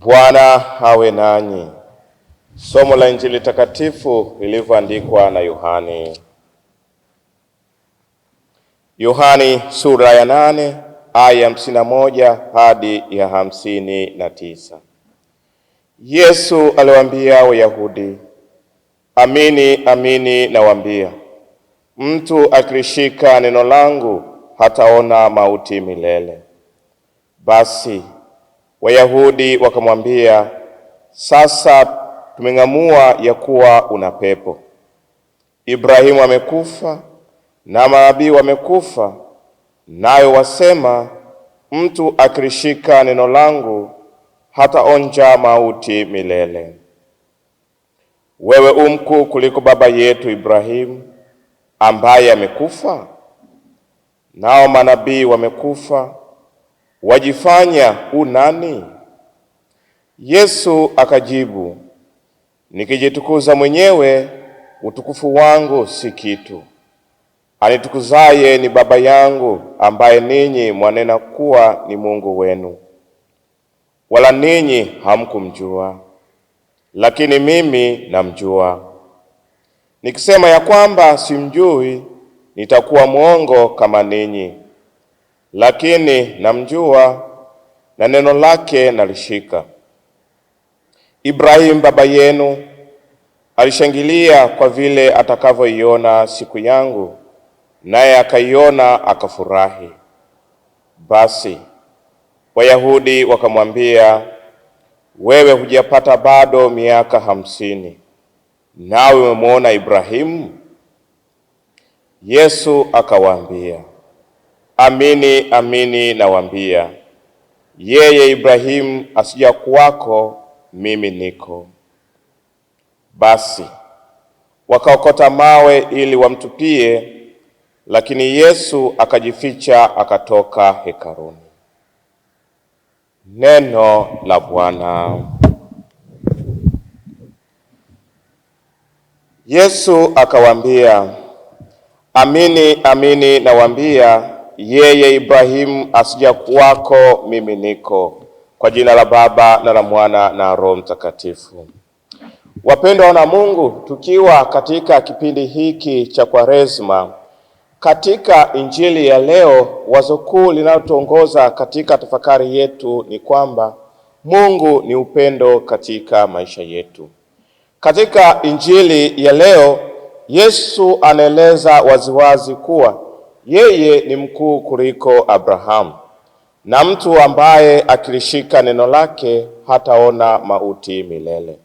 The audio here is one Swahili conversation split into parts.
Bwana awe nanyi. Somo la Injili takatifu lilivyoandikwa na Yohani. Yohani sura ya nane aya ya hamsini na moja hadi ya hamsini na tisa. Yesu aliwaambia Wayahudi, amini amini nawaambia, mtu akilishika neno langu hataona mauti milele. Basi Wayahudi wakamwambia, sasa tumeng'amua ya kuwa una pepo. Ibrahimu amekufa na manabii wamekufa, nayo wasema, mtu akilishika neno langu hataonja mauti milele. Wewe umku kuliko baba yetu Ibrahimu ambaye amekufa, nao manabii wamekufa wajifanya u nani? Yesu akajibu, nikijitukuza mwenyewe utukufu wangu si kitu. Anitukuzaye ni Baba yangu ambaye ninyi mwanena kuwa ni Mungu wenu, wala ninyi hamkumjua, lakini mimi namjua. Nikisema ya kwamba simjui, nitakuwa mwongo kama ninyi lakini namjua na neno lake nalishika. Ibrahimu baba yenu alishangilia kwa vile atakavyoiona siku yangu, naye akaiona akafurahi. Basi Wayahudi wakamwambia, wewe hujapata bado miaka hamsini, nawe umemwona Ibrahimu? Yesu akawaambia Amini amini nawaambia, yeye Ibrahimu asija kuwako, mimi niko. Basi wakaokota mawe ili wamtupie, lakini Yesu akajificha akatoka hekaruni Neno la Bwana. Yesu akawaambia, amini amini nawaambia yeye Ibrahimu asijakuwako, mimi niko. Kwa jina la Baba na la Mwana na Roho Mtakatifu. Wapendwa wana Mungu, tukiwa katika kipindi hiki cha Kwaresma, katika injili ya leo, wazo kuu linalotuongoza katika tafakari yetu ni kwamba Mungu ni upendo katika maisha yetu. Katika injili ya leo, Yesu anaeleza waziwazi kuwa yeye ni mkuu kuliko Abrahamu, na mtu ambaye akilishika neno lake hataona mauti milele.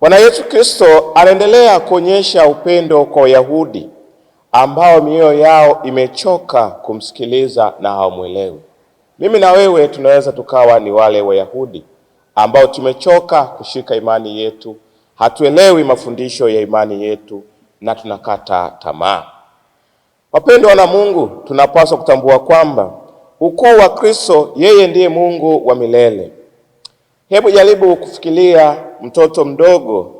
Bwana Yesu Kristo anaendelea kuonyesha upendo kwa Wayahudi ambao mioyo yao imechoka kumsikiliza na hawamwelewi. Mimi na wewe tunaweza tukawa ni wale Wayahudi ambao tumechoka kushika imani yetu, hatuelewi mafundisho ya imani yetu na tunakata tamaa. Wapendwa na Mungu, tunapaswa kutambua kwamba ukuu wa Kristo, yeye ndiye Mungu wa milele. Hebu jaribu kufikiria mtoto mdogo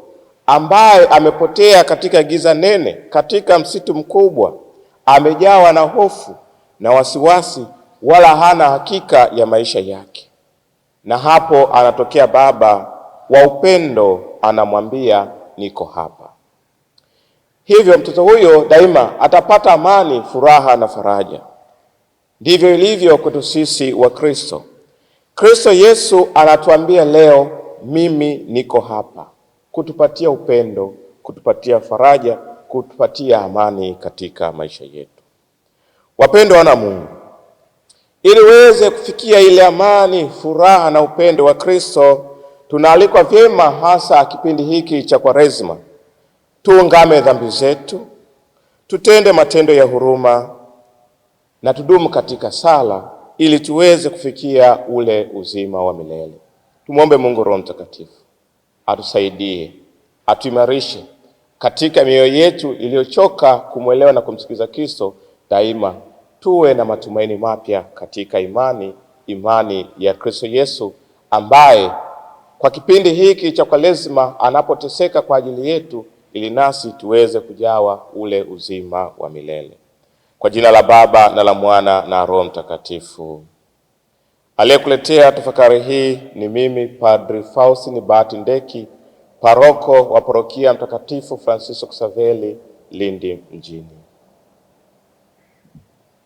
ambaye amepotea katika giza nene, katika msitu mkubwa, amejawa na hofu na wasiwasi, wala hana hakika ya maisha yake. Na hapo anatokea baba wa upendo, anamwambia niko hapa. Hivyo mtoto huyo daima atapata amani, furaha na faraja. Ndivyo ilivyo kwetu sisi wa Kristo. Kristo Yesu anatuambia leo, mimi niko hapa kutupatia upendo, kutupatia faraja, kutupatia amani katika maisha yetu. Wapendwa wana Mungu, ili uweze kufikia ile amani, furaha na upendo wa Kristo, tunaalikwa vyema, hasa kipindi hiki cha Kwaresma, tuungame dhambi zetu, tutende matendo ya huruma na tudumu katika sala ili tuweze kufikia ule uzima wa milele. Tumwombe Mungu Roho Mtakatifu atusaidie, atuimarishe katika mioyo yetu iliyochoka kumwelewa na kumsikiza Kristo daima. Tuwe na matumaini mapya katika imani, imani ya Kristo Yesu ambaye kwa kipindi hiki cha Kwaresima anapoteseka kwa ajili yetu ili nasi tuweze kujawa ule uzima wa milele. Kwa jina la Baba na la Mwana na Roho Mtakatifu. Aliyekuletea tafakari hii ni mimi Padri Faustin Bahati Ndeki, paroko wa parokia Mtakatifu Francisco saveli Lindi mjini.